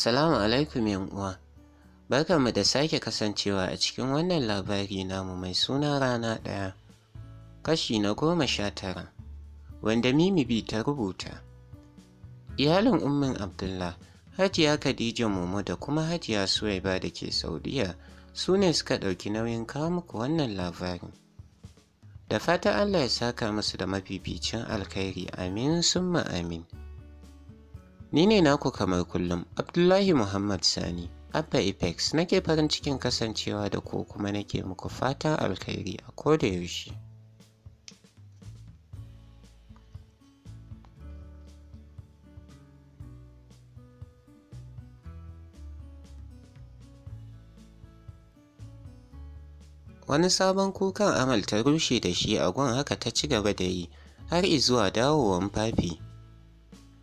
Assalamu alaikum uwa. Barkanmu da sake kasancewa a cikin wannan labari namu mai suna rana ɗaya. Kashi na goma sha tara wanda Mimi bi ta rubuta. Iyalin Ummin Abdullah, Hajiya Khadija Momo da kuma Hajiya Suwaiba da ke Saudiya su ne suka ɗauki nauyin kawo muku wannan labarin. Da fata Allah ya saka musu da mafificin alkhairi amin summa amin. Ni ne naku kamar kullum, Abdullahi Muhammad Sani, Abba Apex, nake farin cikin kasancewa da ku kuma nake muku fatan alkhairi a koda yaushe. Wani sabon kukan Amal ta rushe da shi a gun haka ta ci gaba da yi har izuwa dawowar Fafi.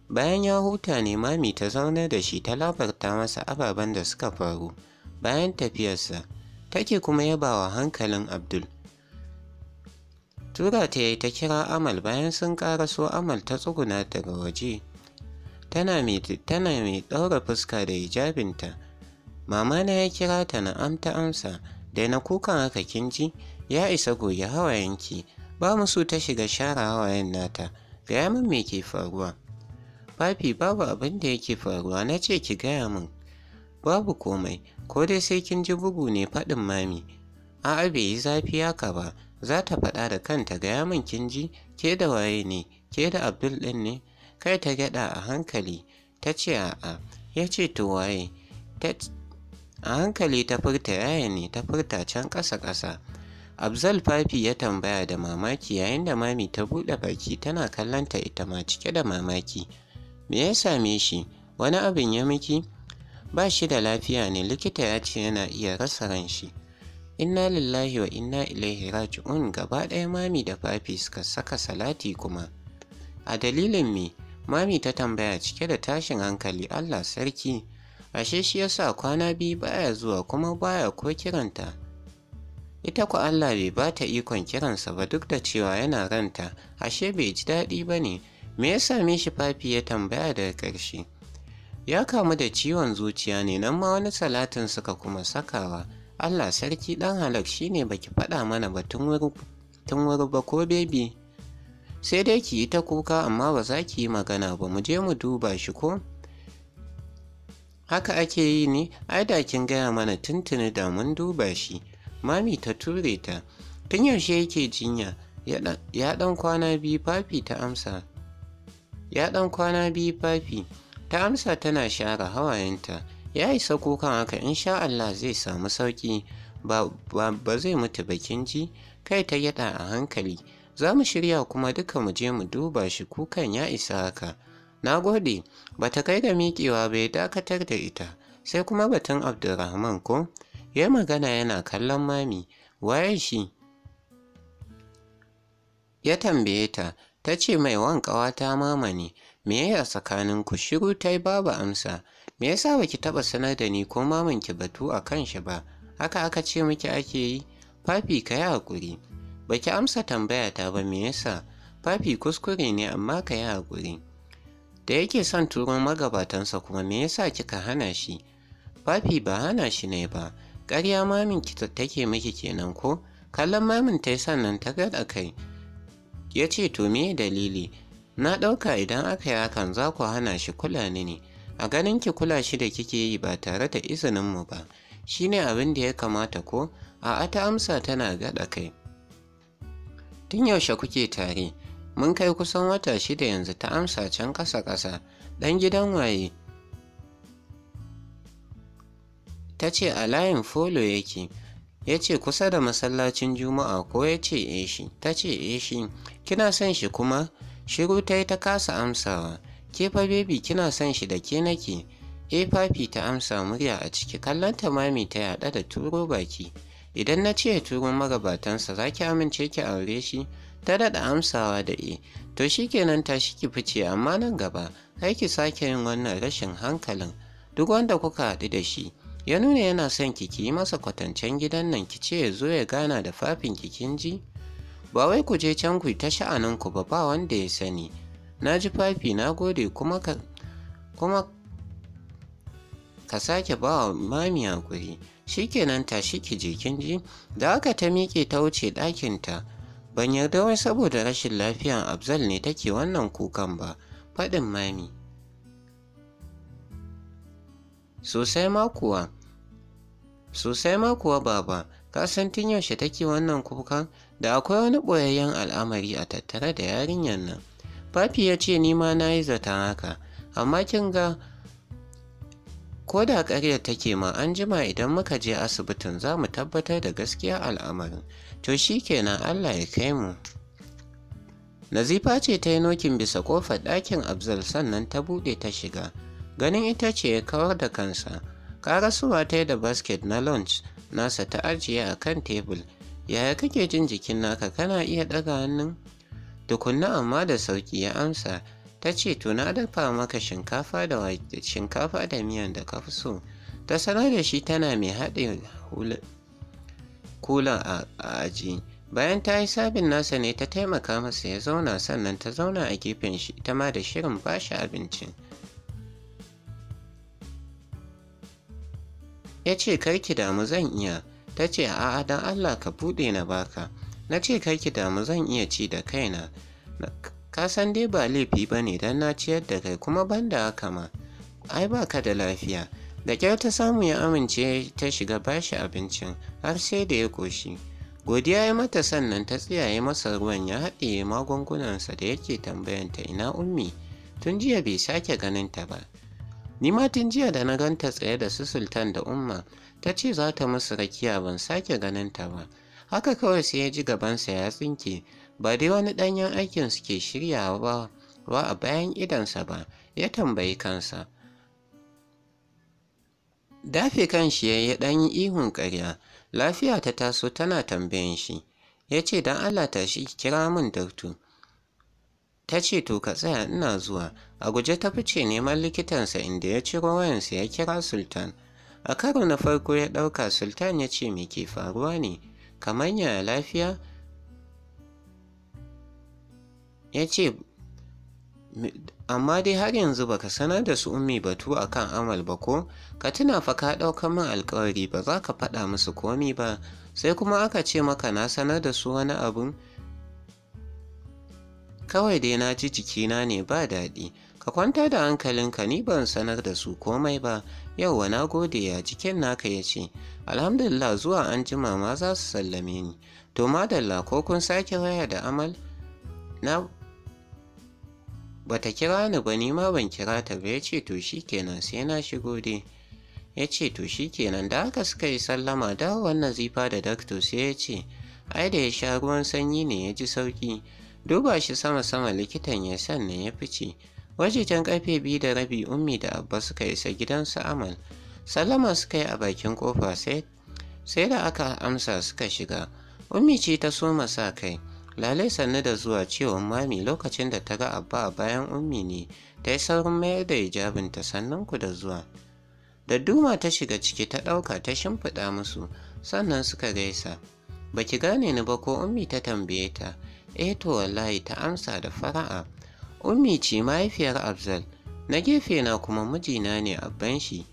Bayan ya huta ne Mami ta zauna da shi ta labarta masa ababen da suka faru bayan tafiyarsa, take kuma yabawa hankalin Abdul. Tura ta yi ta kira Amal bayan sun so Amal ta tsuguna daga waje. Tana mai ɗaura fuska da hijabinta. Mama na ya kira ta na amta amsa, da na kukan haka kinji ya isa goge hawayenki, ba mu su ta shiga share hawayen nata, gaya min me ke faruwa. Fafi babu abin da yake faruwa na ce ki gaya min. Babu komai, ko dai sai kin ji bugu ne faɗin mami. A'a bai yi zafi haka ba, za ta faɗa da kanta gaya min kin ji, ke da waye ne, ke da Abdul ɗin ne. Kai ta gyaɗa a hankali, ta ce a'a, ya ce to waye. A hankali ta furta yaya ne ta furta can ƙasa-ƙasa. Abzal Fafi ya tambaya da mamaki yayin da mami ta buɗe baki tana kallonta ita ma cike da mamaki. Me ya same shi? Wani abin ya miki? Ba shi da lafiya ne likita ya ce yana iya rasa ran shi. Inna lillahi wa inna ilaihi raji'un gaba ɗaya mami da fafi suka saka salati kuma. A dalilin me? Mami ta tambaya cike da tashin hankali Allah sarki. Ashe shi yasa kwana biyu baya zuwa kuma baya ko kiranta. Ita ku Allah bai ba ta ikon kiransa ba duk da cewa yana ranta, ashe bai ji daɗi ba ne. Me ya same shi fafi ya tambaya daga ƙarshe. Ya kamu da ciwon zuciya ne nan ma wani salatin suka kuma sakawa. Allah sarki ɗan halak shi ne baki faɗa mana ba tun wuri ba ko bebi. Sai dai ki yi ta kuka amma ba za ki yi magana ba mu je mu duba shi ko? Haka ake yi ne, ai da kin gaya mana tuntuni da mun duba shi. Mami ta ture ta, tun yaushe yake jinya, ya ɗan kwana biyu fafi ta amsa. ya ɗan kwana biyu fafi ta amsa tana share hawayenta ya isa kukan haka in sha Allah zai samu sauƙi ba, zai mutu bakin ji kai ta yada a hankali za mu shirya kuma duka mu je mu duba shi kukan ya isa haka na gode ba ta kai ga miƙewa bai dakatar da ita sai kuma batun abdulrahman ko ya magana yana kallon mami waye shi ya tambaye ta Ta ce mai wan ƙawata Me ne, me yaya tsakaninku shiru ta yi babu amsa, me yasa baki taɓa sanar da ni ko mamanki batu a kan shi ba, haka aka ce miki ake yi, Fafi ka yi haƙuri. Baki amsa tambaya ta ba me yasa, Fafi kuskure ne amma ka yi haƙuri. Da yake son turon magabatansa kuma me yasa kika hana shi? Fafi ba hana shi ne ba, ƙarya mamin ki take miki kenan ko? Kallon mamin ta yi sannan ta gaɗa kai. ya ce to me dalili na ɗauka idan aka yi hakan za ku hana shi kula ni ne a ganin ki kula shi da kike yi ba tare da izininmu ba shi ne abin da ya kamata ko a'a ta amsa tana gaɗa kai tun yaushe kuke tare mun kai kusan wata shida yanzu ta amsa can ƙasa-ƙasa ɗan gidan waye ta ce a layin folo yake ya ce kusa da masallacin juma'a ko ya ce e shi ta ce e shi kina son shi kuma shiru ta yi ta kasa amsawa ke fa bebi kina son shi da ke nake e eh, fafi ta amsa murya a ciki kallon ta mami ta yaɗa da turo baki idan na ce turo magabatansa za ki amince ki aure shi ta daɗa amsawa da e to shi kenan ta shi ki fice amma nan gaba ai ki sake yin wannan rashin hankalin duk wanda kuka haɗu da shi ya nuna yana son ki ki yi masa kwatancen gidan nan ki ce ya zo ya gana da fafin kikin ji ba wai ku je can ku ta sha'aninku ba ba wanda ya sani na ji fafi na gode kuma ka kuma ka sake ba wa mami hakuri Shi ta shi ki je kin ji da haka ta miƙe ta wuce ɗakinta ban yarda wai saboda rashin lafiyan abzal ne take wannan kukan ba faɗin mami sosai ma kuwa Sosai ma kuwa baba, ka san tun yaushe take wannan kukan da akwai wani ɓoyayyen al'amari a tattare da yarinyar nan. Fafi ya ce ni ma na yi zaton haka, amma kin ga ko da ƙaryar take ma an jima idan muka je asibitin za mu tabbatar da gaskiya al'amarin. To shi kenan Allah ya kai mu. Nazifa ce ta yi nokin bisa ƙofar ɗakin Abzal sannan ta buɗe ta shiga. Ganin ita ce ya kawar da kansa. Ka karasuwa ta da basket na lunch nasa ta ajiye a kan tebul yaya kake jin jikin naka kana iya ɗaga hannun tukunna amma da sauƙi ya amsa ta ce to na dafa maka shinkafa da shinkafa da miyan da ka fi so ta sanar da shi tana mai haɗe kula a aji bayan ta yi sabin nasa ne ta taimaka masa ya zauna sannan ta zauna a gefen shi ita ma da shirin ba shi abincin ya ce karki damu zan iya ta ce a'a don allah ka buɗe na baka na ce ki damu zan iya ci da kaina ka san dai ba laifi ba ne don na ciyar da kai kuma ban da haka ma ai ba ka da lafiya da kyar ta samu ya amince ta shiga bashi abincin har sai da ya koshi. godiya ya mata sannan ta tsiyaye masa ruwan ya haɗe magungunansa da yake tambayanta ina ummi tun jiya bai sake ganin ta ba ni ma tun jiya da na ganta tsaye da su sultan da umma ta ce za ta musu rakiya ban sake ganin ta ba haka kawai sai ya ji gabansa ya tsinke ba dai wani ɗanyen aikin suke shirya ba a bayan idansa ba ya tambayi kansa dafe kan shi ya ɗan yi ihun karya, lafiya ta taso tana tambayan shi ya ce don allah tashi kira min daktu ta ce to ka tsaya ina zuwa a guje ta fice neman likitansa inda ya ciro wayansa ya kira sultan a karo na farko ya ɗauka sultan ya ce me ke faruwa ne kamar ya lafiya ya ce amma dai har yanzu ba ka sanar da su ummi batu kan amal ba ko ka tuna fa ka ɗaukar min alkawari ba za ka faɗa musu komi ba sai kuma aka ce maka na sanar da su wani abun Kawai dai na ji jikina ne ba daɗi. Ka kwanta da hankalin ka. ni ban sanar da su komai ba. Yauwa na gode ya jikin naka ya ce, Alhamdulillah zuwa an jima ma za su sallame ni. To madalla ko kun sake waya da amal? Na bata kira ni ba ni ma ban kira ta ba ya ce to shikenan sai na shigo dai. ya ce to kenan da aka suka yi sallama da wannan zifa da dakto sai ya ce ai da ya sha ruwan sanyi ne ya ji sauki duba shi sama-sama likitan ya sannan ya fice wajejen karfe biyu da rabi ummi da abba suka isa gidansu amal Salama suka yi a bakin kofa sai da aka amsa suka shiga ummi ce ta soma sa kai lalai sannu da zuwa cewa mami lokacin da ta ga abba a bayan ummi ne ta yi saurin mayar da hijabinta sannan ku da zuwa da duma ta shiga ciki ta ɗauka ta shimfiɗa musu sannan suka gaisa baki gane ni ba ko ummi ta tambaye ta eto eh wallahi ta amsa da fara'a ummi ce mahaifiyar Abzal. na gefe na kuma mijina ne a banshi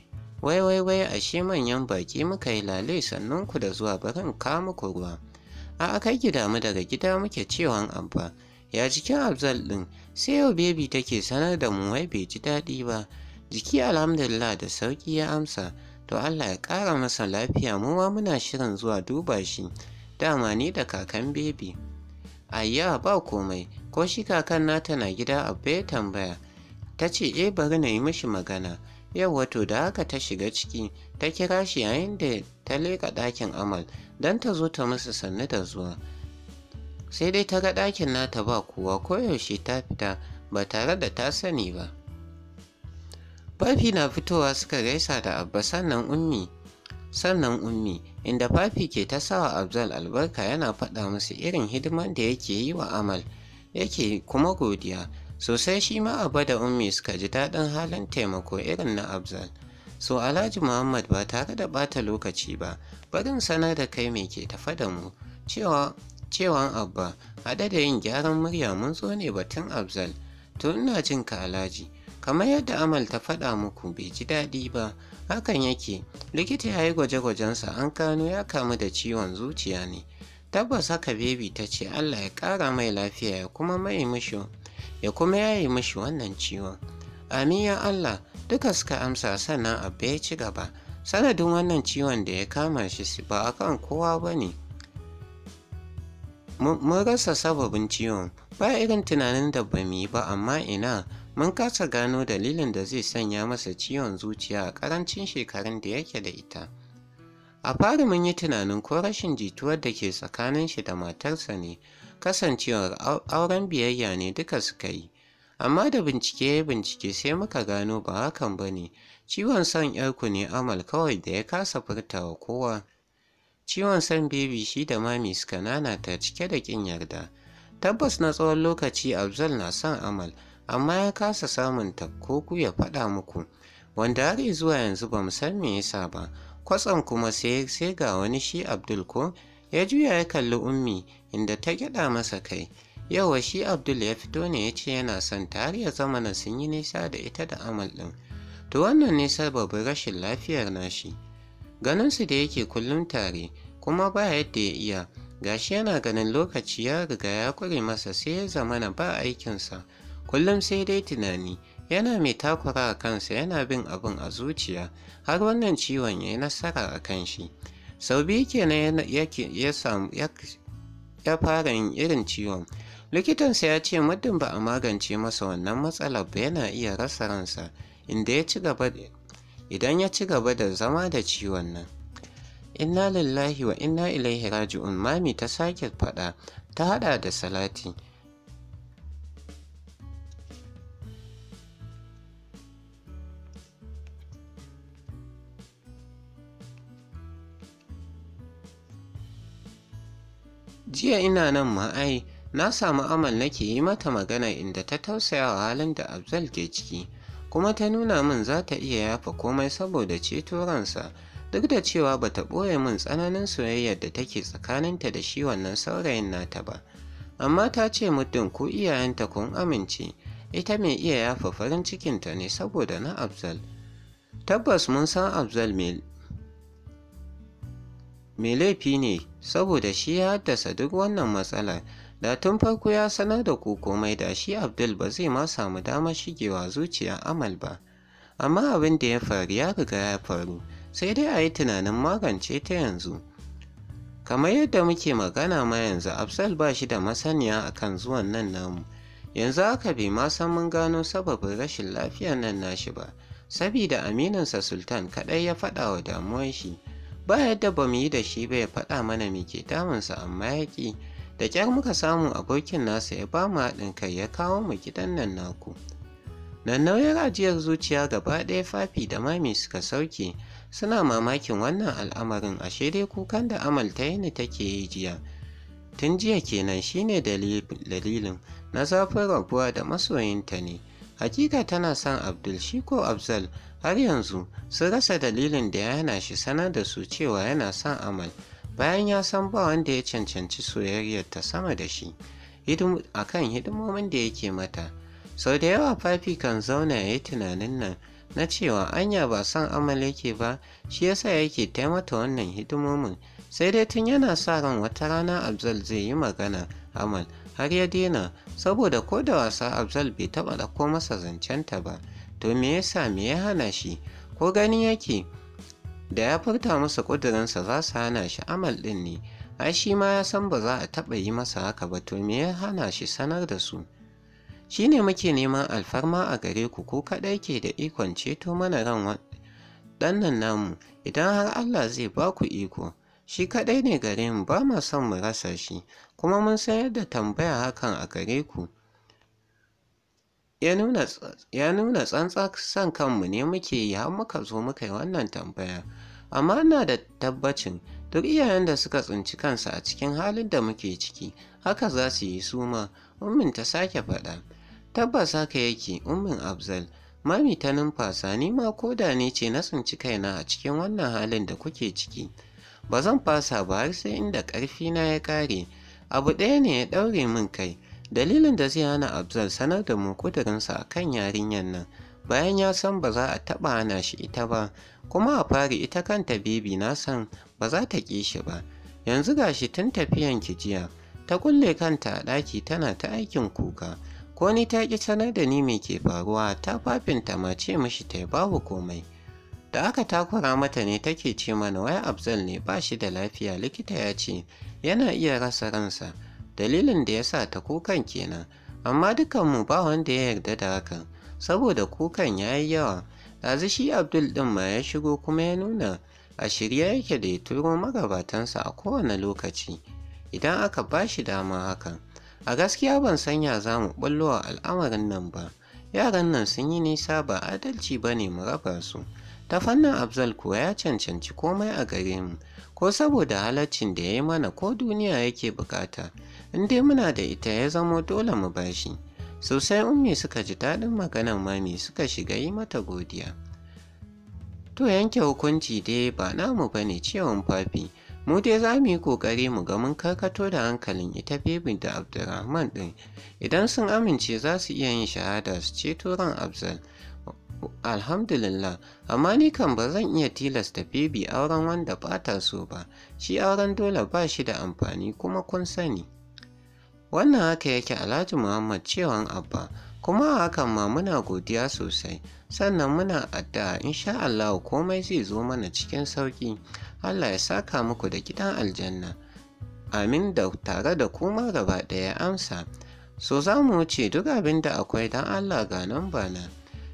wai wai wai ashe manyan baki muka yi lale sannan ku da zuwa barin ka muku ruwa a kai gida mu daga gida muke cewan abba ya jikin afzal ɗin sai yau bebi take sanar da mu wai bai ji daɗi ba jiki alhamdulillah da sauƙi ya amsa to allah ya ƙara masa lafiya mu ma muna shirin zuwa duba shi dama ni da kakan bebi Ayya ba komai, ko shi kakan nata na gida a ya tambaya. Ta ce e bari na yi mishi magana. Yau wato da haka ta shiga ciki, ta kira shi yayin da ta leƙa ɗakin amal don ta zo ta musu sannu da zuwa. Sai dai ta ga ɗakin nata ba kowa koyaushe ta fita ba tare da ta sani ba. Bafi na fitowa suka gaisa da Abba sannan Ummi sannan ummi inda fafi ke ta sawa Abzal albarka yana faɗa musu irin hidimar da yake yi wa amal yake kuma godiya sosai shi ma abu da ummi suka ji daɗin halin taimako irin na Abzal. So Alhaji Muhammad ba tare da ɓata lokaci ba, barin sanar da kai mai ke tafa da mu, cewa Abba, haɗe da yin gyaran murya mun zo ne batun Abzal, to ina jin ka Alhaji, kamar yadda Amal ta faɗa muku bai ji daɗi ba, hakan yake likita ya yi gwaje-gwajensa an kano ya kamu da ciwon zuciya ne tabbas haka bebi ta ce allah ya kara mai lafiya ya kuma mai mishi ya kuma yi mishi wannan ciwon amin ya allah duka suka amsa sannan abu ya ci gaba sanadin wannan ciwon da ya kama shi ba a kan kowa ba ne mun rasa sababin ciwon ba irin tunanin da ba mu yi ba amma ina Mun kasa gano dalilin da zai sanya masa ciwon zuciya a ƙarancin shekarun da yake da ita. A fari mun yi tunanin ko rashin jituwar da ke tsakanin shi da matarsa ne, kasancewar auren biyayya ne duka suka yi. Amma da bincike ya bincike sai muka gano ba hakan ba ne, ciwon son ‘yarku ne amal kawai da ya kasa furtawa kowa. Ciwon son bebi shi da mami suka nanata cike da ƙin yarda. Tabbas na tsawon lokaci Abzal na son amal, amma ya kasa samun ta ko ku ya faɗa muku wanda har zuwa yanzu ba san me yasa ba kwatsam kuma sai ga wani shi abdul ko ya juya ya kalli ummi inda ta gyaɗa masa kai yawa shi abdul ya fito ne ya ce yana son ta har ya zama na sun yi nisa da ita da amal ɗin to wannan ne sababin rashin lafiyar nashi ganinsu da yake kullum tare kuma ba yadda ya iya gashi yana ganin lokaci ya riga ya kure masa sai ya zamana ba aikinsa kullum sai dai tunani yana mai takura a kansa yana bin abin a zuciya har wannan ciwon ya yi nasara a kan shi sau biyu kenan ya fara yin irin ciwon likitansa ya ce muddin ba a magance masa wannan matsalar ba yana iya rasa ransa inda ya ci gaba idan ya ci gaba da zama da ciwon nan inna lillahi wa inna ilaihi raji'un mami ta sake faɗa ta haɗa da salati Jiya ina nan ma ai, na samu Amal nake yi mata magana inda ta tausaya wa halin da Abzal ke ciki, kuma ta nuna min za ta iya yafa komai saboda ceto ransa, duk da cewa ba ta ɓoye min tsananin soyayyar da take tsakaninta da shi wannan saurayin nata ba. Amma ta ce muddin ko iyayenta kun amince, ita mai iya yafa farin cikinta ne saboda na Abzal. Tabbas mun san Abzal mai laifi ne saboda shi ya haddasa duk wannan matsalar da tun farko ya sanar da ku komai da shi abdul ba zai ma samu damar shigewa zuciya amal ba amma abin da ya faru ya riga ya faru sai dai a yi tunanin magance ta yanzu kamar yadda muke magana ma yanzu Afsal ba shi da masaniya akan zuwan nan namu yanzu aka bai ma san mun gano sababin rashin lafiyar nan nashi ba sabida aminansa sultan kaɗai ya faɗa wa damuwar shi ba yadda ba mu yi da shi ba ya faɗa mana mai ke damunsa amma ya ƙi da kyar muka samu abokin nasa ya ba mu haɗin kai ya kawo mu gidan nan naku nan nauyin ajiyar zuciya gaba ɗaya fafi da mami suka sauke suna mamakin wannan al'amarin ashe dai kukan da amal ta yi take yi jiya tun jiya kenan shine dalilin na zafin rabuwa da masoyinta ne Hakika tana son Abdul shi ko Abzal har yanzu sun rasa dalilin da ya hana shi sanar da su cewa yana son Amal bayan ya san ba wanda ya cancanci soyayyar ta sama da shi a kan hidimomin da yake mata. Sau da yawa Fafi kan zauna ya yi tunanin nan na cewa anya ba son Amal yake ba shi yasa yake taimata wannan hidimomin sai dai tun yana sa ran wata rana Abzal zai yi magana Amal har ya daina saboda ko da wasa abzal bai taɓa ɗauko masa zancenta ba, to me yasa me ya hana shi, ko gani yake da ya furta masa ƙudurinsa za su hana shi amal ɗin ne, ai shi ma ya san ba za a taɓa yi masa haka ba to me ya hana shi sanar da su. Shi ne muke neman alfarma a gare ku ko kaɗai ke da ikon ceto mana ran nan namu idan har Allah zai ba ku iko. shi kaɗai ne gare mu ba ma son mu rasa shi kuma mun san yadda tambaya hakan a gare ku ya nuna tsantsa son kanmu ne muke yi har muka zo muka yi wannan tambaya amma ina da tabbacin duk iyayen da suka tsinci kansu a cikin halin da muke ciki haka za su yi suma ummin ta sake faɗa tabbas haka yake ummin abzal mami ta numfasa ni ma koda ne ce na tsinci kaina a cikin wannan halin da kuke ciki ba zan fasa ba har sai inda ƙarfina ya ƙare abu ɗaya ne ya ɗaure min kai dalilin da zai hana abzal sanar da mu kudurinsa a kan yarinyar nan bayan ya san ba za a taɓa hana shi ita ba kuma a fari ita kanta bibi na san ba za ta ƙi shi ba yanzu ga shi tun tafiyan ki jiya ta kulle kanta a ɗaki tana ta aikin kuka ko ni ta ƙi sanar da ni me ke faruwa ta fafinta ma ce mishi ta yi babu komai da aka takura mata ne take ce mana wai abzal ne ba shi da lafiya likita ya ce yana iya rasa ransa dalilin da ya sa ta kukan kenan amma dukanmu ba wanda ya yarda da hakan saboda kukan ya yi yawa ɗazu shi abdul ɗin ma ya shigo kuma ya nuna a shirye yake da ya turo magabatansa a kowane lokaci idan aka ba shi dama hakan a gaskiya ban sanya za mu ɓallowa al'amarin nan ba yaran nan sun yi nisa ba adalci ba ne mu raba su ta fannin Abzal kuwa ya cancanci komai a gare mu ko saboda halaccin da ya yi mana ko duniya yake bukata in dai muna da ita ya zamo dole mu bashi sosai ummi suka ji daɗin maganan mami suka shiga yi mata godiya to yanke hukunci dai ba namu bane ciwon fafi mu dai za mu yi ƙoƙari mu ga mun karkato da hankalin ita bebi da abdulrahman ɗin idan sun amince za su iya yin shahada su ce turan abzal Alhamdulillah, amma ni kan ba zan iya tilasta Phoebe auren wanda bata so ba, shi auren dole ba shi da amfani kuma kun sani. Wannan haka yake Alhaji Muhammad cewa Abba, kuma a hakan ma muna godiya sosai, sannan muna addu'a insha Allah komai zai zo mana cikin sauki Allah ya saka muku da gidan aljanna. Amin da tare da kuma gaba ɗaya amsa. So za mu wuce duk abinda akwai don Allah ga nan ba na.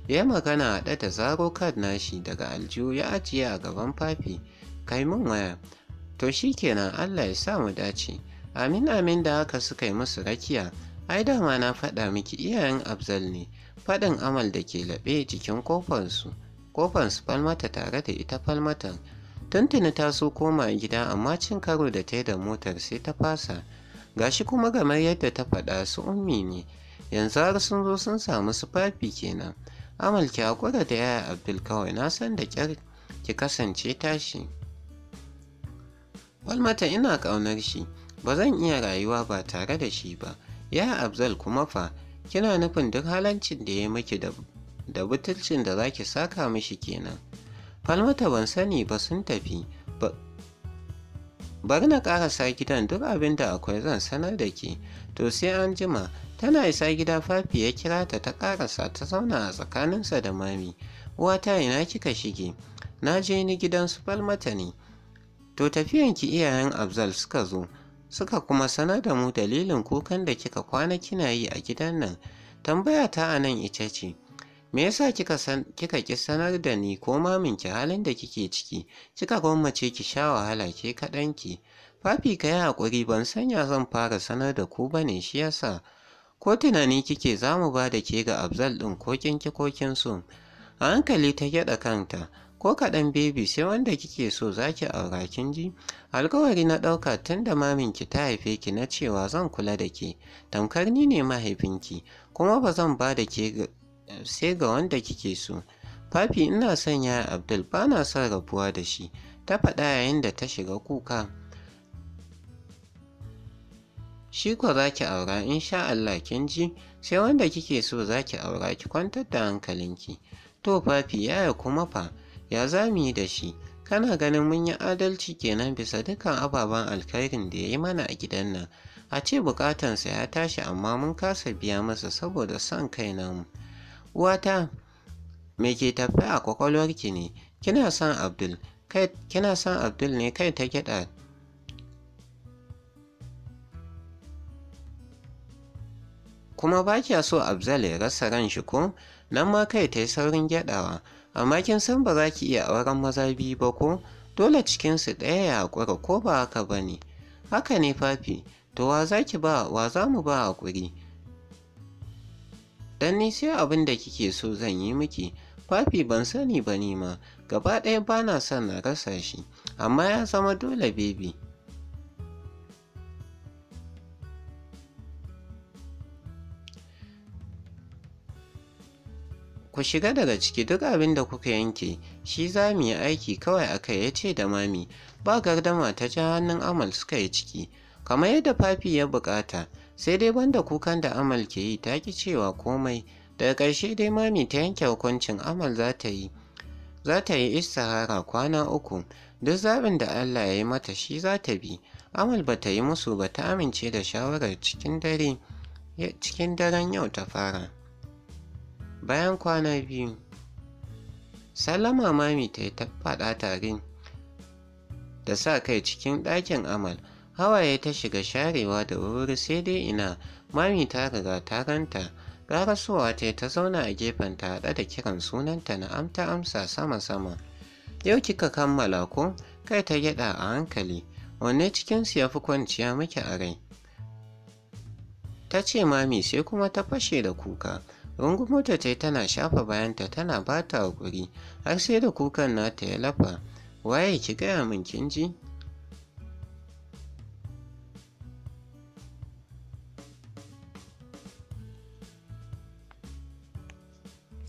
ya magana haɗe da zaro kad nashi daga aljihu ya ajiye a gaban fafi kai mun waya to shi kenan allah ya sa mu dace amin amin da haka suka yi musu rakiya ai dama na faɗa miki iyayen abzal ne faɗin amal da ke laɓe jikin kofansu kofansu falmata tare da ita falmatan tuntuni ta so koma gida amma cin karo da ta da motar sai ta fasa gashi kuma gamar yadda ta faɗa su ummi ne yanzu har sun zo sun samu su fafi kenan amal ki haƙura da yaya abdul kawai na san da kyar ki kasance tashi walmata ina ƙaunar shi ba zan iya rayuwa ba tare da shi ba ya Abdul kuma fa kina nufin duk halancin da ya miki da butulcin da za zaki saka mishi kenan falmata ban sani ba sun tafi bari na sa gidan duk abin da akwai zan sanar da ke to sai an jima Tana isa gida Fafi ya kira ta ta ƙarasa ta zauna a tsakaninsa da mami. Uwata ina kika shige? Na je ni gidan su falmata ne. To tafiyanki iyayen Abzal suka zo, suka kuma sanar da mu dalilin kukan da kika kwana kina yi a gidan nan. Tambaya ta a nan ita ce, me yasa kika kika ki sanar da ni ko mamin ki halin da kike ciki? Kika gwammace ki sha wahala ke ki? Fafi ka yi haƙuri ban sanya zan fara sanar da ku bane shi yasa. ko tunani kike za mu ba da ke ga Abzal ɗin ko kinki ko kinsu. A hankali ta gyaɗa kanta, ko kaɗan bebi sai wanda kike so za ki aura kin ji? Alkawari na ɗauka tun da maminki ta haife ki na cewa zan kula da ke, tamkar ni ne mahaifinki, kuma ba zan ba da ke sai ga wanda kike so. Fafi ina son yaya Abdul ba na son rabuwa da shi, ta faɗa yayin da ta shiga kuka. shi ko za ki aura in sha Allah kin ji sai wanda kike so za ki aura ki kwantar da hankalinki to fafi yaya kuma fa ya za mu yi da shi kana ganin mun yi adalci kenan bisa dukkan ababen alkhairin da ya yi mana a gidan nan a ce bukatansa ya tashi amma mun kasa biya masa saboda son kai namu uwata me ke tafi a kwakwalwarki ne kina son abdul kina son abdul ne kai ta gyaɗa kuma ba kya so Abzal ya rasa ran shi ko? Nan ma kai ta yi saurin gyaɗawa, amma kin san ba za ki iya auren maza biyu ba ko? Dole cikinsu ɗaya ya haƙura ko ba haka ba ne. Haka ne fafi, to wa za ki ba, wa za mu ba haƙuri? Dan ni sai abin da kike so zan yi miki, fafi ban sani ba ni ma, gaba ɗaya ba na son na rasa shi, amma ya zama dole bebi. Ku shiga daga ciki duk abin da kuka yanke, shi za mu yi aiki kawai a kai ya ce da mami, ba gardama ta ji hannun Amal suka yi ciki. Kamar yadda Fafi ya buƙata, sai dai banda kukan da Amal ke yi ta ki cewa komai, daga ƙarshe dai mami ta yanke hukuncin Amal za ta yi. Za ta yi istihara kwana uku, duk zaɓin da Allah ya yi mata shi za ta bi. Amal ba ta yi musu ba ta amince da shawarar cikin daren yau ta fara. bayan kwana biyu salama mami ta yi faɗa tarin da sa kai cikin ɗakin amal hawaye ta shiga sharewa da wuri sai dai ina mami ta riga ta ranta suwa ta ta zauna a gefen ta haɗa da kiran sunanta na amta amsa sama-sama yau kika kammala ko kai ta gyaɗa a hankali wanne cikinsu ya fi kwanciya miki a rai ta ce mami sai kuma ta fashe da kuka mota ce tana shafa bayanta tana ba ta haƙuri, har sai da kukan nata ya lafa. Waye ki gaya min kin ji?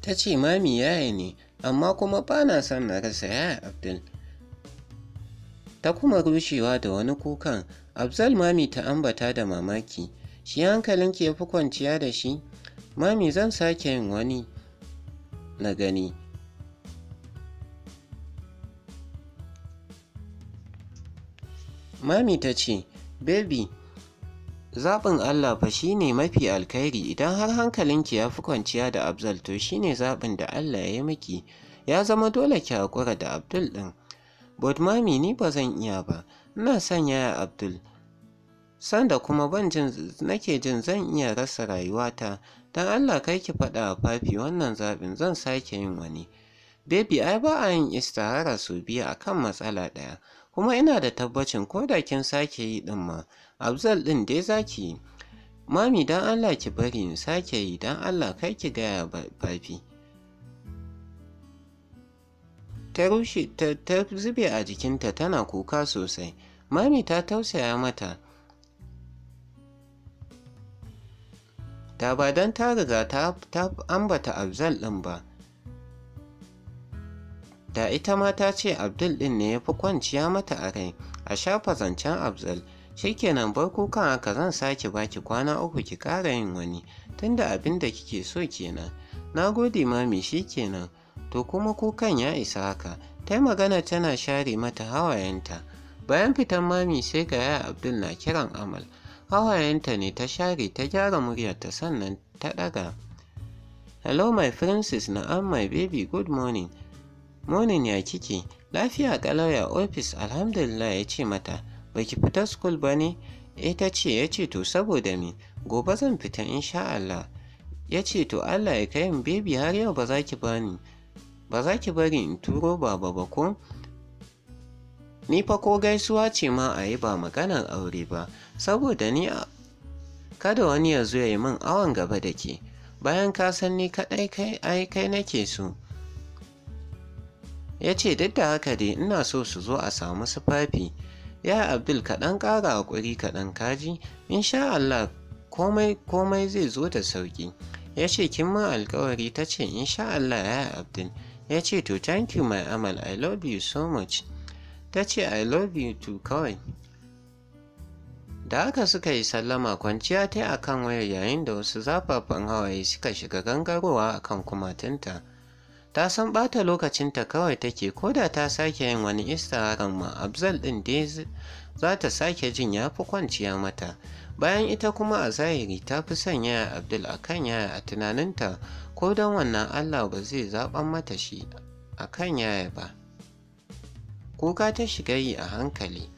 Ta ce mami yaya ne, amma kuma ba na son na rasa yaya Abdul. Ta kuma rushewa da wani kukan, Abdul mami ta ambata da mamaki, shi hankalinki ya fi kwanciya da shi? Mami zan sake yin wani na gani. Mami ta ce, Baby, zaɓin Allah fa shi ne mafi alkhairi idan har hankalinki ya fi kwanciya da abzal to shi ne zaɓin da Allah ya yi miki, ya zama dole ki haƙura da Abdul ɗin. But mami ni ba zan iya ba, ina son yaya Abdul. Sanda kuma ban jin nake jin zan iya rasa rayuwata Don Allah kai ki faɗa a Fafi wannan zaɓin zan sake yin wani. Baby ai ba a yin istihara sau biyu a kan matsala ɗaya, kuma ina da tabbacin ko da kin sake yi ɗin ma, Abzal ɗin dai za ki yi. Mami don Allah ki bari in sake yi don Allah kai ki gaya Fafi. Ta rushe ta zube a jikinta tana kuka sosai. Mami ta tausaya mata. da ba don ta riga ta ambata Abzal ɗin ba. Da ita ma ta ce Abdul ɗin ne ya fi kwanciya mata a rai, a shafa zancen Abzal. Shikenan bar kukan haka zan sake baki kwana uku ki kara yin wani, tunda abin da kike so kenan. Na gode mami kenan. to kuma kukan ya isa haka, ta magana tana share mata hawayenta. Bayan fitan mami sai ga yaya Abdul na kiran Amal. Hawayenta ne ta share ta gyara muryarta sannan ta ɗaga. Hello my princess na am my baby good morning. Morning ya kike? Lafiya ƙalau ya ofis alhamdulillah ya ce mata. Baki fita school ba ne? E ta ce ya ce to saboda ni. Gobe zan fita insha Allah. Ya ce to Allah ya kai baby har yau ba za ki Ba za ki bari in turo baba ba ko? Ni fa ko gaisuwa ce ma a yi ba maganar aure ba, saboda ni a kada wani ya zo ya yi min awon gaba da ke, bayan ka san ni kaɗai kai ai kai nake so. Ya ce duk da haka dai ina so su zo a samu su fafi. Ya Abdul kaɗan ƙara haƙuri kaɗan kaji, insha Allah komai komai zai zo da sauƙi. Ya ce kin ma alƙawari ta ce insha Allah ya Abdul. Ya ce to thank you my amal I love you so much. ta ce i love you too kawai da haka suka yi sallama kwanciya ta a kan wayar yayin da wasu zafafan hawaye suka shiga gangarowa a kan kumatinta ta san ɓata lokacinta kawai take da ta sake yin wani istaharan ma abzal ɗin dai za ta sake jin ya fi kwanciya mata bayan ita kuma a zahiri ta fi son yaya abdul a kan yaya a tunaninta ko don wannan allah ba zai zaɓan mata shi a kan yaya ba kuka ta shiga yi a hankali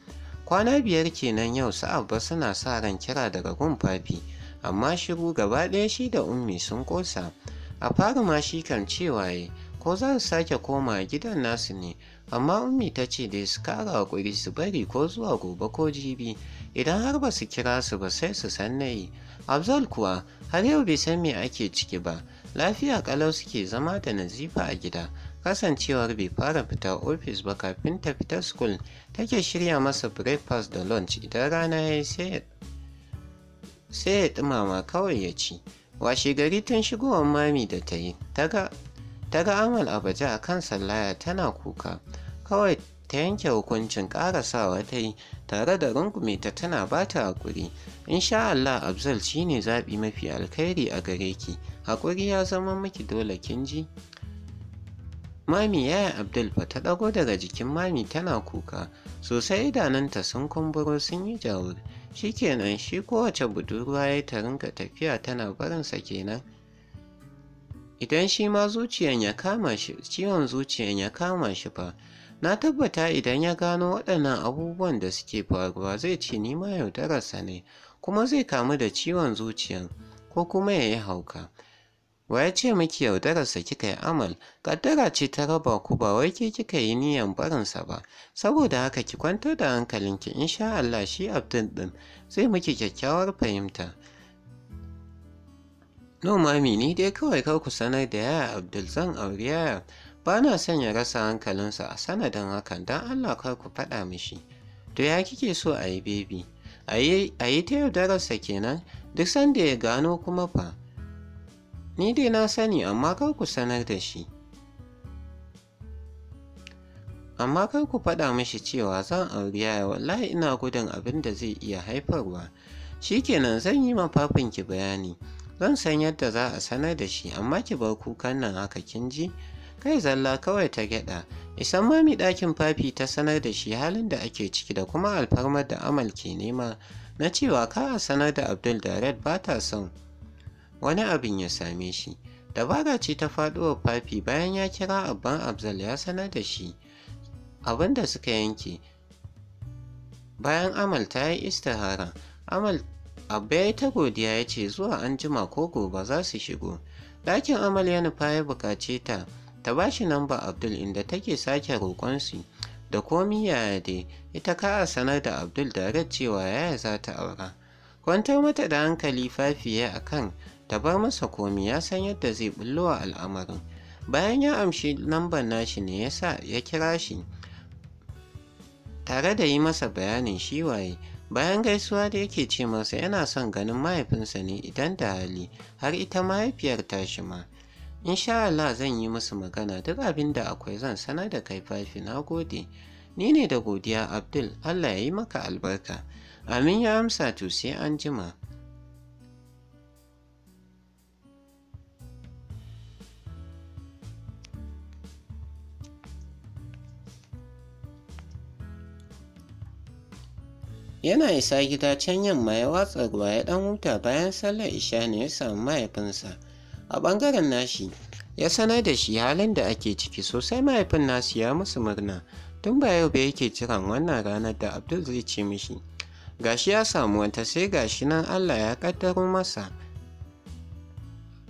kwana biyar kenan yau su abba suna sa ran kira daga gumfafi amma shiru gaba ɗaya shi da ummi sun ƙosa a fara ma shi kan cewa ya ko za su sake koma gidan nasu ne amma ummi ta ce dai su kara hakuri su bari ko zuwa gobe ko jibi idan har ba su kira su ba sai su san na yi. abzal kuwa har yau bai san me ake ciki ba lafiya ƙalau suke zama da nazifa a gida kasancewar bai fara fita ofis ba kafin ta fita school take shirya masa breakfast da lunch idan rana ya sai ya dumama kawai ya ci washe gari tun shigowar mami da ta yi ta ga amal a baje a kan sallaya tana kuka kawai ta yanke hukuncin karasawa ta yi tare da rungume ta tana ba ta haƙuri insha Allah Abzal shine zaɓi mafi alkhairi a gare ki haƙuri ya zama miki dole kin ji Mami yaya Abdul ba ta ɗago daga jikin Mami tana kuka, sosai idanunta sun kumburo sun yi jawur, shi kenan shi kowace budurwa ya ta rinka tafiya tana barinsa kenan. Idan shi ma zuciyan ya kama shi, ciwon zuciyan ya kama shi fa, na tabbata idan ya gano waɗannan abubuwan da suke faruwa zai ci ni ma yaudararsa ne, kuma zai kamu da ciwon zuciyan, ko kuma ya yi hauka. Wa ya ce miki yaudararsa kika yi amal, ƙaddara ce ta raba ku ba wai ke kika yi niyan barinsa ba, saboda haka ki kwantar da hankalinki insha Allah shi Abdul ɗin zai miki kyakkyawar fahimta. No mami ni dai kawai kar ku sanar da yaya Abdul zan auri yaya, ba na son ya rasa hankalinsa a sanadin hakan don Allah kar ku faɗa mishi. To ya kike so a yi bebi? A yi ta yaudararsa kenan, duk sanda ya gano kuma fa. Ni dai na sani amma kar ku sanar da shi. Amma kar ku faɗa mashi cewa zan auri yaya wallahi ina gudun abin da zai iya haifarwa. Shikenan zan yi ma ki bayani. Zan san yadda za a sanar da shi amma ki bar kukan nan haka kin ji? Kai zalla kawai ta gyaɗa. Isan mami ɗakin fafi ta sanar da shi halin da ake ciki da kuma alfarmar da amal ke nema na cewa ka sanar da Abdul da Red ba ta son. wani abin ya same shi dabara ce ta faɗuwa fafi bayan ya kira abban abzal ya sanar da shi abin da suka yanke bayan amal ta yi istihara amal abba ya ta godiya ya ce zuwa an jima ko gobe za su shigo ɗakin amal ya nufa ya bukace ta ta ba shi namba abdul inda take sake roƙonsu da komi yaya dai ita ka a sanar da abdul da cewa yaya za ta aura kwantar mata da hankali fafiye a kan ta bar masa komi ya san yadda zai bullo a al'amarin bayan ya amshi lambar nashi ne ya sa ya kira shi tare da yi masa bayanin shi waye bayan gaisuwa da yake ce masa yana son ganin mahaifinsa ne idan da hali har ita mahaifiyar tashi ma insha Allah zan yi musu magana duk abin da akwai zan sanar da kai fafi na gode ni ne da godiya abdul Allah ya yi maka albarka amin ya amsa to sai an jima Yana isa gida can yamma ya watsa ruwa ya ɗan huta bayan sallar isha ne ya samu mahaifinsa. A ɓangaren nashi, ya sanar da shi halin da ake ciki sosai mahaifin nasu ya musu murna. Tun ba yau ba yake jiran wannan ranar da Abdul zai ce mishi. Gashi ya samu wata sai gashi nan Allah ya kaddaro masa.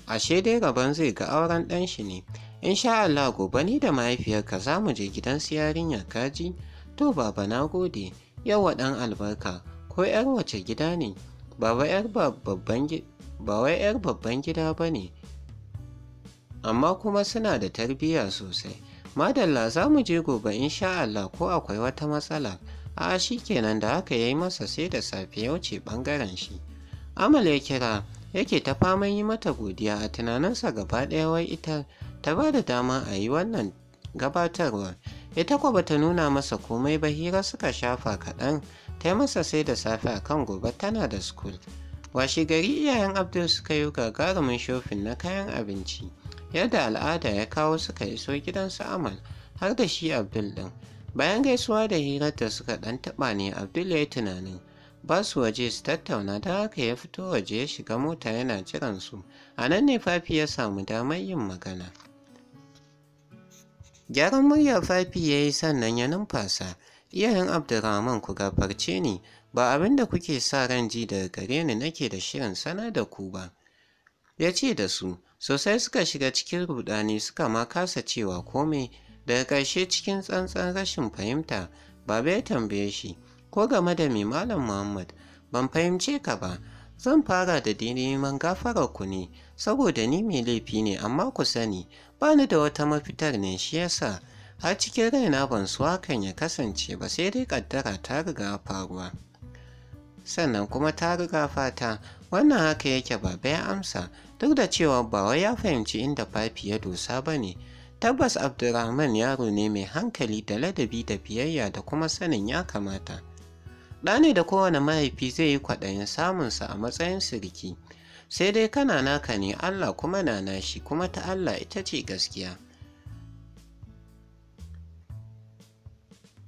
Ashe dai rabon zai ga auren ɗan shi ne. In sha Allah gobe ni da mahaifiyarka za mu je gidan su yarinya kaji. To baba na gode. yawa ɗan albarka ko 'yar wace gida ne ba wai 'yar babban gida ba ne amma kuma suna da tarbiyya sosai madalla za mu je gobe in sha Allah ko akwai wata matsala a shi kenan da haka ya yi masa sai da safe ya wuce ɓangaren shi amal ya kira yake ta faman yi mata godiya a tunaninsa gaba ɗaya wai ita ta ba da dama a yi wannan gabatarwar ita kuwa bata nuna masa komai ba hira suka shafa kaɗan ta masa sai da safe a kan gobe tana da skul washe gari iyayen abdul suka yi gagarumin shofin na kayan abinci yadda al'ada ya kawo suka iso gidan su amal har da shi abdul ɗin bayan gaisuwa da hirar da suka ɗan taɓa ne abdul ya yi tunanin ba su waje su tattauna da haka ya fito waje ya shiga mota yana jiransu. a nan ne fafi ya samu damar yin magana Gyaran muryar Fafi ya yi sannan ya numfasa. Iyayen Abdurrahman ku gafarce ni, ba abin da kuke sa ran ji daga gare ni nake da shirin sanar da ku ba. Ya ce da su, sosai suka shiga cikin rudani suka ma kasa cewa komai daga ƙarshe cikin tsantsan rashin fahimta baba ya tambaye shi ko game da mai malam muhammad ban fahimce ka ba zan fara da neman gafarar ku ne saboda ni mai laifi ne amma ku sani ba ni da wata mafitar ne shi yasa har cikin raina ban su hakan ya kasance ba sai dai kaddara ta riga faruwa sannan kuma ta riga fata wannan haka yake baba ya amsa duk da cewa bawa ya fahimci inda fafi ya dosa ba ne tabbas abdurrahman yaro ne mai hankali da ladabi da biyayya da kuma sanin ya kamata ɗa ne da kowane mahaifi zai yi kwaɗayin samunsa a matsayin sirki sai dai kana naka ne Allah kuma na nashi kuma ta Allah ita ce gaskiya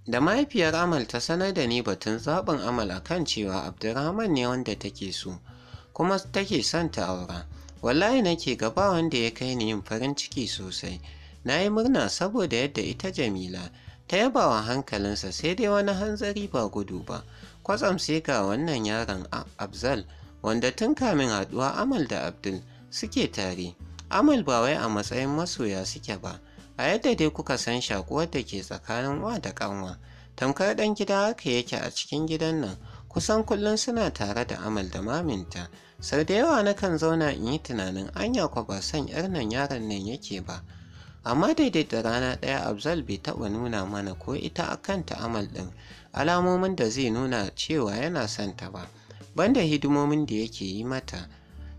da mahaifiyar amal ta sanar da ni batun zaɓin amal a kan cewa abdurrahman ne wanda take so kuma take son ta aura wallahi nake gaba wanda ya kai ni yin farin ciki sosai na yi murna saboda yadda ita jamila ta yaba wa hankalinsa sai dai wani hanzari ba gudu ba kwatsam sai ga wannan yaron abzal wanda tun kamin haɗuwa Amal da Abdul suke tare. Amal ba wai a matsayin masoya suke ba, a yadda dai kuka san shakuwar da ke tsakanin wa da kanwa Tamkar dan gida haka yake a cikin gidan nan, kusan kullum suna tare da Amal da maminta. Sau da yawa na kan zauna in yi tunanin anya kwa ba son 'yar nan yaron nan yake ba. amma daidai da rana ɗaya Abzal bai taɓa nuna mana ko ita kanta Amal ɗin alamomin da zai nuna cewa yana son ta ba banda hidimomin da yake yi mata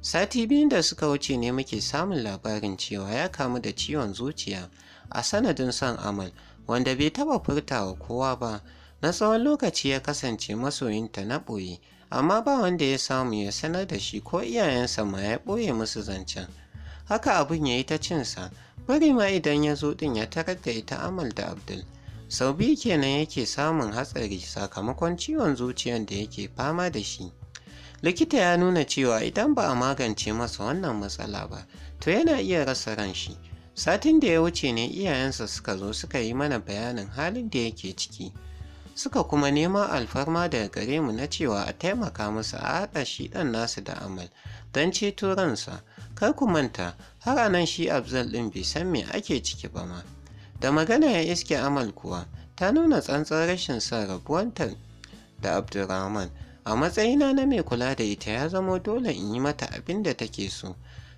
sati biyun da suka wuce ne muke samun labarin cewa ya kamu da ciwon zuciya a sanadin son amal wanda bai taba furtawa kowa ba na tsawon lokaci ya kasance masoyinta na ɓoye amma ba wanda ya samu ya sanar da shi ko iyayensa ma ya ɓoye musu zancen haka abin ya yi ta cinsa bari ma idan ya zo ɗin ya tarar da ita amal da abdul sau biyu kenan yake samun hatsari sakamakon ciwon zuciyar da yake fama da shi likita ya nuna cewa idan ba a magance masa wannan matsala ba to yana iya rasa ran shi satin da ya wuce ne iyayensa suka zo suka yi mana bayanin halin da yake ciki suka kuma nema alfarma daga gare mu na cewa a taimaka musu a haɗa shi ɗan nasu da amal don ceto ransa kar ku manta har anan shi abzal ɗin bai san me ake ciki ba ma da magana ya iske amal kuwa ta nuna tsantsar rashin son rabuwanta da abdulrahman a matsayina na mai kula da ita ya zamo dole in yi mata abin da take so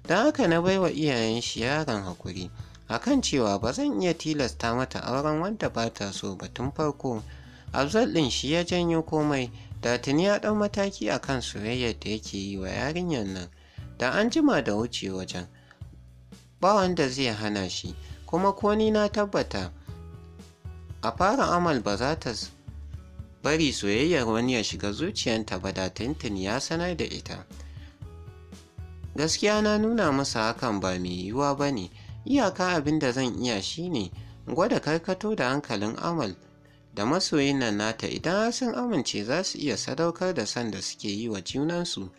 don haka na bai wa iyayen shi yaron hakuri akan cewa ba zan iya tilasta mata auren wanda ba ta so ba tun farko Abzal ɗin shi ya janyo komai da tuni ya ɗau mataki a kan soyayyar da yake yi wa yarinyar nan da an jima da wuce wajen ba wanda zai hana shi kuma ko ni na tabbata a fara amal ba za ta bari soyayyar wani ya shiga zuciyanta ba da tuntuni ya sanar da ita gaskiya na nuna masa hakan ba mai yiwuwa ba ne iyaka abin da zan iya shi ne. gwada karkato da hankalin amal da masoyin nan nata idan sun amince za su iya sadaukar da san da suke yi wa junansu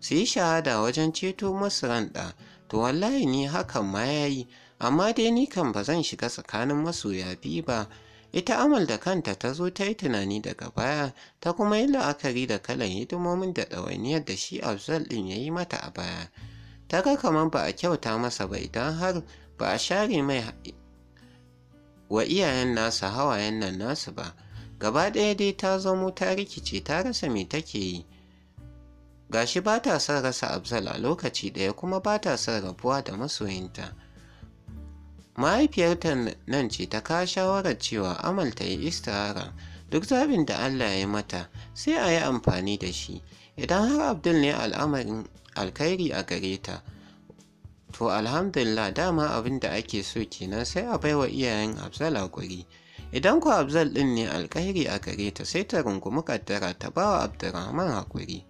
su yi shahada wajen ceto masu ranɗa to wallahi ni hakan ma ya yi amma dai ni kan ba zan shiga tsakanin masoya biyu ba Ita Amal da kanta ta zo ta yi tunani daga baya ta kuma yi la'akari da kalan hidimomin da ɗawainiyar da shi Afzal ɗin ya yi mata a baya. Ta ga kamar ba a kyauta masa ba idan har ba a share mai wa iyayen nasa hawayen nan nasu ba. Gaba ɗaya dai ta zamo ta rikice ta rasa me take yi. Gashi ba ta son rasa Afzal a lokaci ɗaya kuma ba ta son rabuwa da masoyinta. Mahaifiyarta nan ce ta ka shawarar cewa Amal ta yi istihara duk zabin da Allah ya mata sai a yi amfani da shi. Idan har Abdul ne al'amarin alkhairi a gare ta, to alhamdulillah dama abin da ake so kenan sai a baiwa iyayen Afzal hakuri. Idan ku Abzal ɗin ne alkhairi a gare ta sai ta rungumi kaddara ta bawa Abdurrahman hakuri.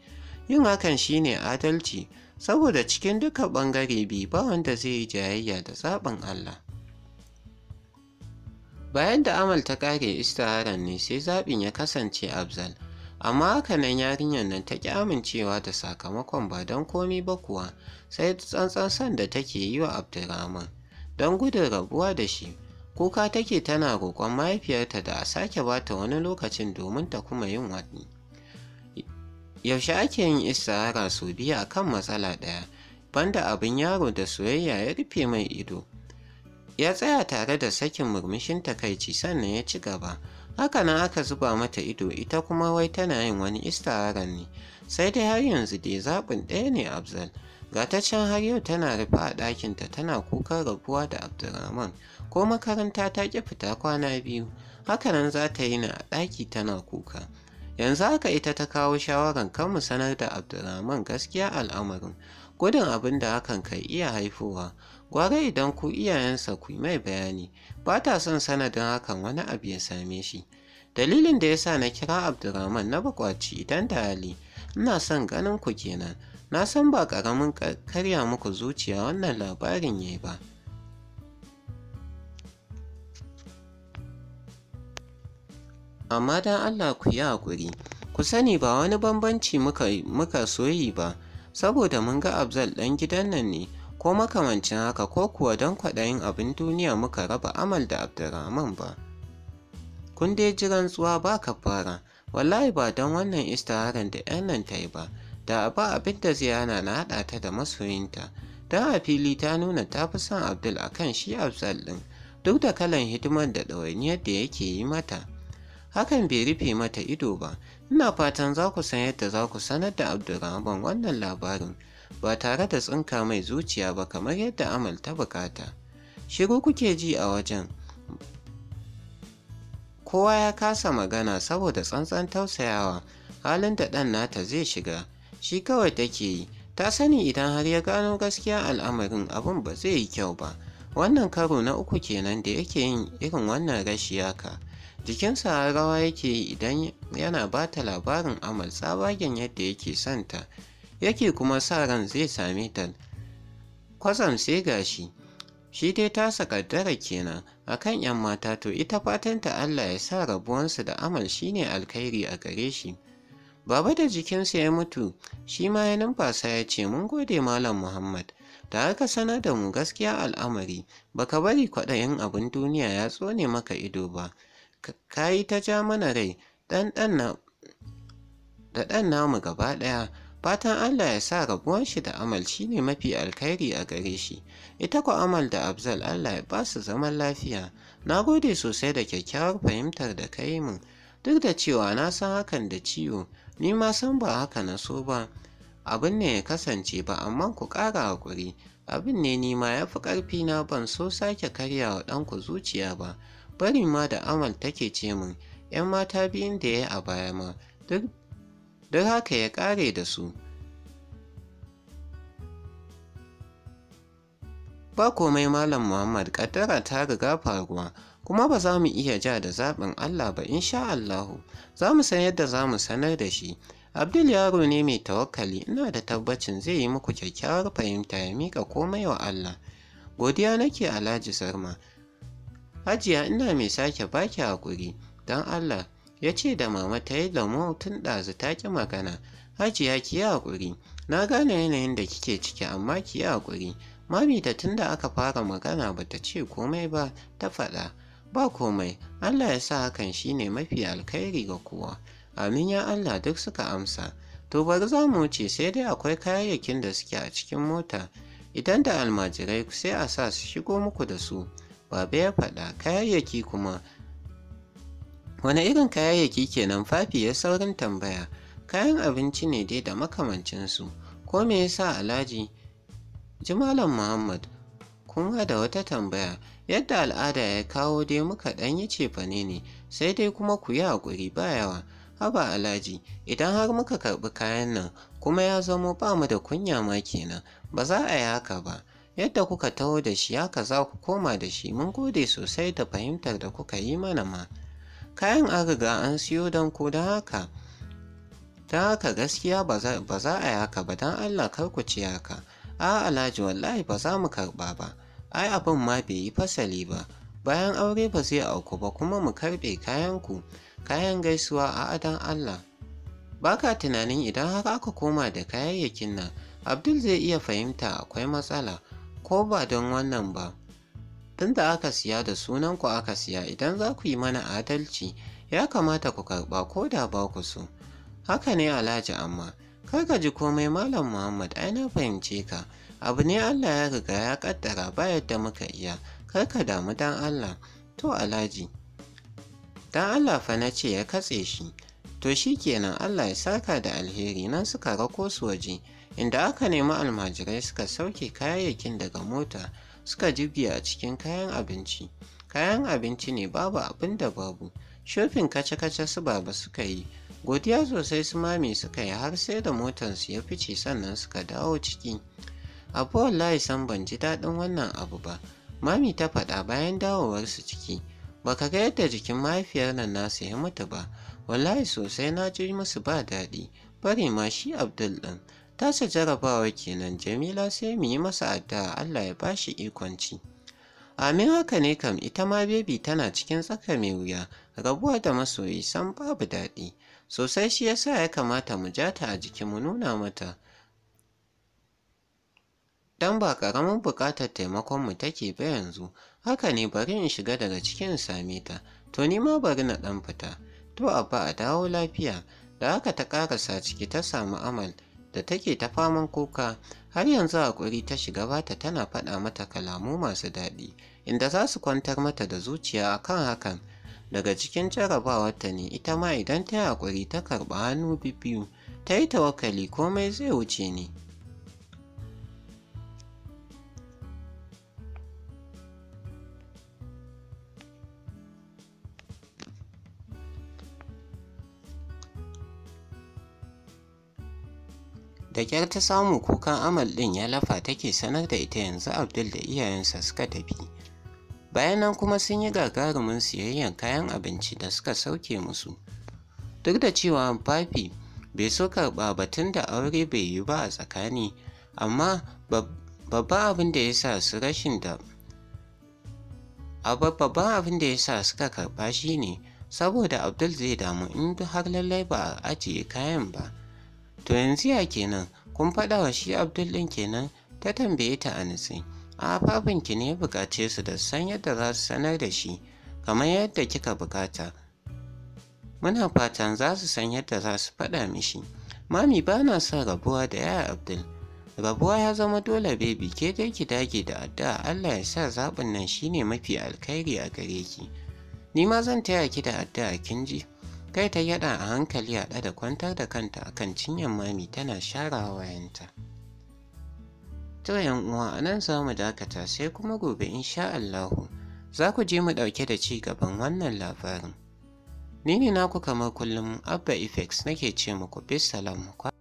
Yin hakan shine adalci saboda cikin duka ɓangare biyu ba wanda zai yi jayayya da zaɓin Allah. Bayan da Amal ta ƙare istaharar ne sai zaɓin ya kasance Abzal, amma hakanan yarinyar nan ta ƙi amincewa da sakamakon ba don komi ba kuwa sai tsantsan son da take yi wa Abdurrahman don gudun rabuwa da shi. Kuka take tana roƙon mahaifiyarta da a sake bata wani lokacin domin ta kuma yin wani. Yaushe ake yin istihara sau biyu a kan matsala ɗaya, banda abin yaro da soyayya ya rufe mai ido. Ya tsaya tare da sakin murmushin takaici sannan ya ci gaba. Haka nan aka zuba mata ido ita kuma wai tana yin wani istararen ne. Sai dai har yanzu dai zaɓin ɗaya ne Abzal. Ga har yau tana rufe a ɗakinta tana kukan rabuwa da Abdulrahman ko makaranta ta ƙi fita kwana biyu. hakanan nan za ta yi ni a ɗaki tana kuka. yanzu haka ita ta kawo shawaran kan mu sanar da Abdulrahman gaskiya al'amarin gudun abin da hakan kan iya haifowa Gwara idan ku iyayensa ku mai bayani, ba ta son sanadin hakan wani abu ya same shi. Dalilin da ya sa na kira Abdurrahman na buƙaci idan da hali, ina son ganin ku kenan. Na san ba karamin karya muku zuciya wannan labarin ya yi ba. Amma don Allah ku yi haƙuri, ku sani ba wani bambanci muka soyi ba, saboda mun ga Abzal ɗan gidan nan ne. ko makamancin haka ko kuwa don kwaɗayin abin duniya muka raba amal da Abdurrahman ba. Kun dai ji rantsuwa ba ka fara, wallahi ba don wannan istaharan da ‘yan nan ta yi ba, da ba abin da ziyana na haɗa ta da masoyinta, don a fili ta nuna ta fi son Abdul a kan shi Absal ɗin, duk da kalan hidimar da ɗawainiyar da yake yi mata. Hakan bai rufe mata ido ba, ina fatan za ku san yadda za ku sanar da Abdurrahman wannan labarin. ba tare da tsinka mai zuciya ba kamar yadda amal ta bukata shiru kuke ji a wajen kowa ya kasa magana saboda tsantsan tausayawa halin da ɗan nata zai shiga shi kawai take yi ta sani idan har ya gano gaskiya al'amarin abin ba zai yi kyau ba wannan karo na uku kenan da yake yin irin wannan rashiyaka. jikinsa rawa yake yi idan yana ba ta labarin amal tsabagen yadda yake son ta yake kuma sa ran zai same ta kwazam sai gashi shi dai ta sakaddara kenan akan yan mata to ita fatanta Allah ya sa rabuwansu da amal shine alkhairi a gare shi baba da jikinsa ya mutu shi ma ya numfasa ya ce mun gode malam Muhammad da haka sanar da mu gaskiya al'amari baka bari kwaɗayin abin duniya ya tsone maka ido ba ka yi ta ja mana rai da ɗan namu gaba ɗaya fatan Allah ya sa rabuwan shi da Amal shi ne mafi alkhairi a gare shi ita ku Amal da Abzal Allah ya ba su zaman lafiya na gode sosai da kyakkyawar fahimtar da ka yi min duk da cewa na san hakan da ciwo ni ma san ba haka na so ba abin ne ya kasance ba amma ku ƙara haƙuri abin ne ni ma ya fi ƙarfi na ban so sake karya wa ɗanku zuciya ba bari ma da Amal take ce min 'yan mata biyun da ya a baya ma duk don haka ya ƙare da su. Ba komai Malam Muhammad ƙaddara ta riga faruwa, kuma ba za mu iya ja da zaɓin Allah ba insha Allahu, za mu san yadda za mu sanar da shi. Abdul yaro ne mai tawakkali ina da tabbacin zai yi muku kyakkyawar fahimta ya mika komai wa Allah. Godiya nake Alhaji Sarma. Hajiya ina mai sake baki hakuri don Allah ya ce da mama ta yi lamo tun ɗazu ta ƙi magana hajiya ki yi haƙuri na gane yanayin da kike ciki amma ki yi haƙuri mami da tun da aka fara magana ba ta ce komai ba ta faɗa ba komai allah ya sa hakan shi ne mafi alkhairi ga kowa amin ya allah duk suka amsa to bari za mu wuce sai dai akwai kayayyakin da suke a cikin mota idan da almajirai sai a sa su shigo muku da su baba ya faɗa kayayyaki kuma Wane irin kayayyaki kenan Fafi ya saurin tambaya, kayan abinci ne dai da makamancinsu, ko me yasa Alhaji? Ji Malam Muhammad, kuma da wata tambaya, yadda al'ada ya kawo dai muka ɗan yi cefane ne, sai dai kuma ku yi haƙuri ba yawa. Haba Alhaji, idan har muka karɓi kayan nan kuma ya zamo ba mu da kunya ma kenan, ba za a yi haka ba. Yadda kuka taho da shi haka za ku koma da shi mun gode sosai da fahimtar da kuka yi mana ma. kayan an riga an siyo don ku da haka ta haka gaskiya ba za a yi ba don allah kar ku ci haka a alhaji wallahi ba za mu karba ba ai abin ma bai yi fasali ba bayan aure ba zai auku ba kuma mu karɓe kayanku kayan gaisuwa a adan allah ba ka tunanin idan har aka koma da kayayyakin nan abdul zai iya fahimta akwai matsala ko ba don wannan ba da aka siya da sunan ku aka siya idan za ku yi mana adalci ya kamata ku karɓa ko da ba ku so haka ne alhaji amma kar ka ji komai malam muhammad ai na fahimce ka abu ne allah ya riga ya kaddara ba yadda muka iya kar ka damu dan allah to alhaji dan allah fa na ce ya katse shi to shi kenan allah ya saka da alheri nan suka rako su waje inda aka nemi almajirai suka sauke kayayyakin daga mota suka jibge a cikin kayan abinci kayan abinci ne babu abin da babu shofin kace-kace su baba suka yi godiya sosai su mami suka yi har sai da motansu ya fice sannan suka dawo ciki abu layi san ban ji daɗin wannan abu ba mami ta faɗa bayan su ciki baka ga yadda jikin mahaifiyar nan nasu ya mutu ba wallahi sosai na ji musu ba daɗi bari ma shi abdul ɗin Ta ce jarabawa kenan jamila sai mu yi masa addu'a allah ya bashi ikon ci amin haka ne kam ita ma bebi tana cikin tsaka mai wuya rabuwa da masoyi san babu daɗi sosai shi yasa ya kamata mu ja ta a jiki mu nuna mata dan ba ƙaramin buƙatar taimakon mu take ba yanzu haka ne bari in shiga daga cikin same ta to ni ma bari na ɗan fita to abba a dawo lafiya da haka ta ƙarasa ciki ta samu amal da take ta faman kuka har yanzu haƙuri ta shiga bata tana faɗa mata kalamu masu daɗi inda za su kwantar mata da zuciya a kan hakan daga cikin jarabawarta ne ita ma idan ta haƙuri ta karɓa hannu biyu ta yi tawakali komai zai wuce ne Da kyar ta samu kukan amal ɗin ya lafa take sanar da ita yanzu Abdul da iyayensa suka tafi. Bayan nan kuma sun yi gagarumin siyayyan kayan abinci da suka sauke musu. Duk da cewa Fafi bai so karɓa batun da aure bai yi ba a tsakani, amma babban abin da ya sa su rashin da babban abin da ya sa suka karɓa shi ne saboda Abdul zai damu in har lallai ba a ajiye kayan ba. To yanzu ya kenan, kun faɗa wa shi Abdul ɗin kenan? Ta tambaye ta a nutse. A fafinki ne ya buƙace su da san yadda za su sanar da shi, kamar yadda kika buƙata. Muna fatan za su san yadda za su faɗa mishi. Mami ba na son rabuwa da yaya Abdul. Rabuwa ya zama dole bebi ke dai ki dage da addu'a Allah ya sa zaɓin nan shine mafi alkhairi a gare ki. Ni ma zan taya ki da addu'a kin ji. Kai ta yada a hankali a da kwantar da kanta a kan cinyar mami tana sharawa wayanta. To yan uwa a nan za mu dakata sai kuma gobe insha Allahu za ku je mu ɗauke da ci gaban wannan labarin. Ni ne naku kamar kullum Abba Effects nake ce muku bisalam kwa.